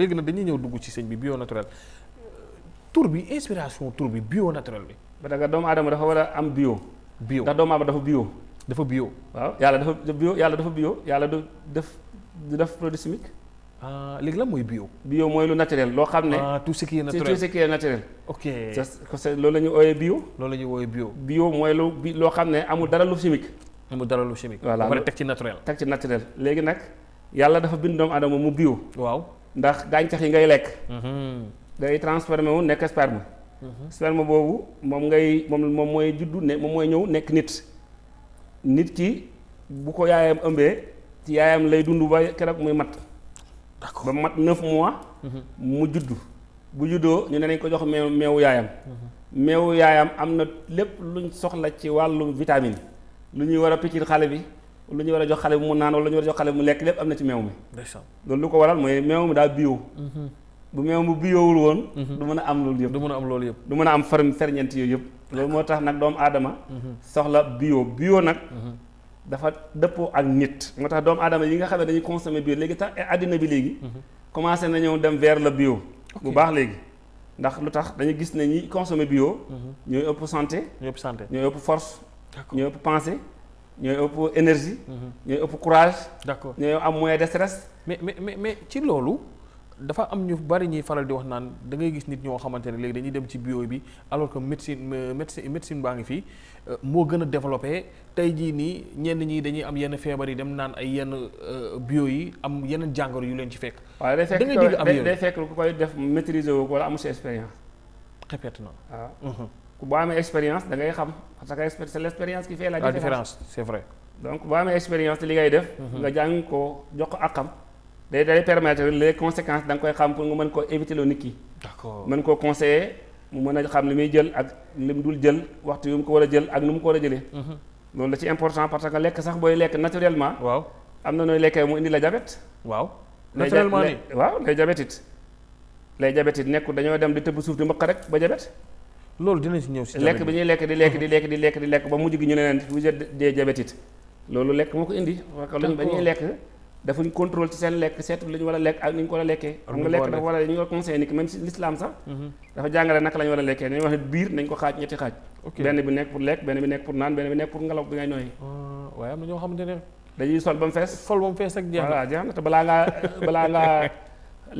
léegi nag dañuy ñëw dugg ci sëñ bi bio naturel tur bi inspiration tur bi bio naturel bi. ba da nga doomu aadama dafa war a am bio. bio ndax doomu aadama dafa bio. dafa bio waaw yàlla dafa bio yàlla dafa bio yàlla du def def produit chimique. Ah, léegi lan mooy bio. bio mooy lu naturel loo xam ne. Ah, tout ce qui est naturel tout ok loolu la ñuy ooyee bio. loolu la ñuy ooyee bio. bio mooy lu bi loo xam ne amul dara lu chimique. amul dara lu chimique. voilà teg ci naturel. teg ci naturel léegi nag yàlla dafa bind doomu aadama mu bio. waaw. ndax gàncax yi ngay lekk. Mhm. day transformé wu nekk sperme. Mhm. sperme boobu moom ngay moom moom mooy juddu ne moom mooy ñëw nekk nit. nit ki bu ko yaayam ëmbee ci yaayam lay dund ba keroog muy mat. d'accord ba mat neuf mois. Mhm. mu juddu bu juddoo ñu ne nañ ko jox meew meewu yaayam. meewu yaayam am na lépp luñ soxla ci wàllu vitamine lu ñuy war a piccir xale bi. lu ñu war a jox xale bi mu naan wala lu ñu war a jox xale bi mu lekk lépp am na ci meew mi loolu lu ko waral mooy meew mi daa bio mhm. bu meew mi bioowul woon mhm. du mën a am loolu yëpp du mën a am loolu yëpp du mën a am fer ferñeent yooyu yëpp loolu moo tax nag doomu aadama mhm. soxla bio bio nag dafa dëppoo ak nit moo tax doomu aadama yi nga xam ne dañuy consommer bio léegi tax àddina bi léegi commencé nañu dem vers la bio bu baax léegi ndax lu tax dañu gis ne ñi consommer bio ñooy ëpp ëpp santé ñooy ëpp force ñooy ñooy ëpp énergie. Mhm. ñooy ëpp courage. d'accord ñooy am moyen de stress. mais mais mais ci loolu dafa am ñu bari ñuy faral di wax naan da ngay gis nit ñoo xamante ne léegi dañuy dem ci bio bi alors que médecine euh, médecine médecine baa ngi fii euh, moo gën a développé tey jii nii ñenn ñii dañuy am yenn feebar yi dem naan ay yenn euh, bio yi am yeneen jàngoro yu leen ci fekk. da ngay dégg am yooyu waaw day fekk koy def maîtriser wu ko wala amu si expérience. répète na ah. mhm. boo amee expérience da ngay xam parce que c'est l'expérience qui fait la différence la différence c'est vrai. donc boo amee expérience te li ngay def. Mhm. nga jàng ko jox ko ak xam. day day permettre les conséquences da nga koy xam pour nga mën koo éviter loo nit ki. d'accord mën koo conseiller mu mën a xam li muy jël ak li mu dul jël waxtu yu mu ko war a jël ak nu mu ko war a jëlee. Mhm. loolu la ci important parce que lekk sax booy lekk naturellement. waaw am na nooy lekkee mu indi la jabet. waaw naturellement nii waaw lay dañoo dem di tëb suuf di mbëq ba jabet. loolu dinañ si ñëw si lekk bi ñuy lekk di lekk di lekk di lekk di lekk ba mujj gi ñu ne leen ko indi parce que luñ la ñu war a lekk ak ni a lekkee xam dañuy sol ba mu fees sol ba mu fees ak jeex voilà te balaa ngaa balaa ngaa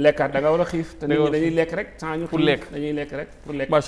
lekkaat da war a xiif te nit ñi dañuy lekk rek sans ñu pour dañuy lekk rek pour lekk